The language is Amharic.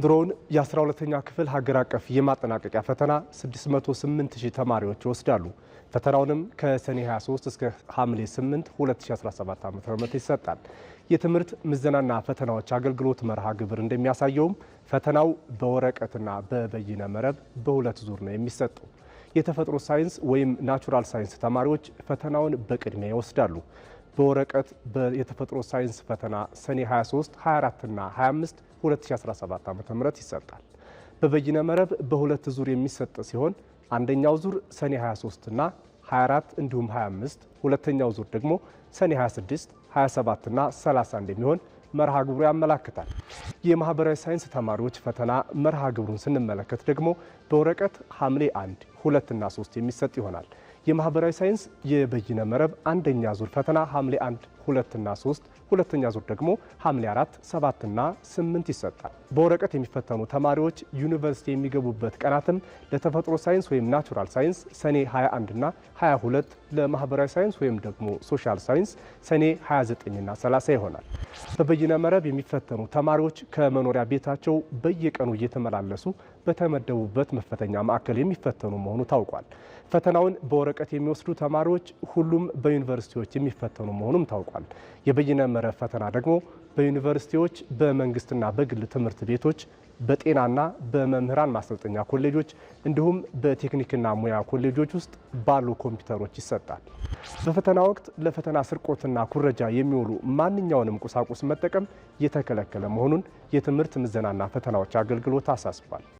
የዘንድሮውን የ12ኛ ክፍል ሀገር አቀፍ የማጠናቀቂያ ፈተና 608,000 ተማሪዎች ይወስዳሉ። ፈተናውንም ከሰኔ 23 እስከ ሐምሌ 8 2017 ዓ ም ይሰጣል። የትምህርት ምዘናና ፈተናዎች አገልግሎት መርሃ ግብር እንደሚያሳየውም ፈተናው በወረቀትና በበይነ መረብ በሁለት ዙር ነው የሚሰጠው። የተፈጥሮ ሳይንስ ወይም ናቹራል ሳይንስ ተማሪዎች ፈተናውን በቅድሚያ ይወስዳሉ። በወረቀት የተፈጥሮ ሳይንስ ፈተና ሰኔ 23፣ 24ና 25 2017 ዓ.ም ይሰጣል። በበይነ መረብ በሁለት ዙር የሚሰጥ ሲሆን አንደኛው ዙር ሰኔ 23 እና 24 እንዲሁም 25፣ ሁለተኛው ዙር ደግሞ ሰኔ 26፣ 27 እና 30 እንደሚሆን መርሃ ግብሩ ያመላክታል። የማህበራዊ ሳይንስ ተማሪዎች ፈተና መርሃ ግብሩን ስንመለከት ደግሞ በወረቀት ሐምሌ 1፣ 2 እና 3 የሚሰጥ ይሆናል። የማህበራዊ ሳይንስ የበይነ መረብ አንደኛ ዙር ፈተና ሐምሌ 1 እና ሶስት ሁለተኛ ዙር ደግሞ ሐምሌ አራት እና ስምንት ይሰጣል። በወረቀት የሚፈተኑ ተማሪዎች ዩኒቨርሲቲ የሚገቡበት ቀናትም ለተፈጥሮ ሳይንስ ወይም ናቹራል ሳይንስ ሰኔ 21ና 22፣ ለማህበራዊ ሳይንስ ወይም ደግሞ ሶሻል ሳይንስ ሰኔ 29ና 30 ይሆናል። በበይነ መረብ የሚፈተኑ ተማሪዎች ከመኖሪያ ቤታቸው በየቀኑ እየተመላለሱ በተመደቡበት መፈተኛ ማዕከል የሚፈተኑ መሆኑ ታውቋል። ፈተናውን በወረቀት የሚወስዱ ተማሪዎች ሁሉም በዩኒቨርሲቲዎች የሚፈተኑ መሆኑም ታውቋል። ተጠናቋል። የበይነ መረብ ፈተና ደግሞ በዩኒቨርሲቲዎች፣ በመንግስትና በግል ትምህርት ቤቶች፣ በጤናና በመምህራን ማሰልጠኛ ኮሌጆች እንዲሁም በቴክኒክና ሙያ ኮሌጆች ውስጥ ባሉ ኮምፒውተሮች ይሰጣል። በፈተና ወቅት ለፈተና ስርቆትና ኩረጃ የሚውሉ ማንኛውንም ቁሳቁስ መጠቀም የተከለከለ መሆኑን የትምህርት ምዘናና ፈተናዎች አገልግሎት አሳስቧል።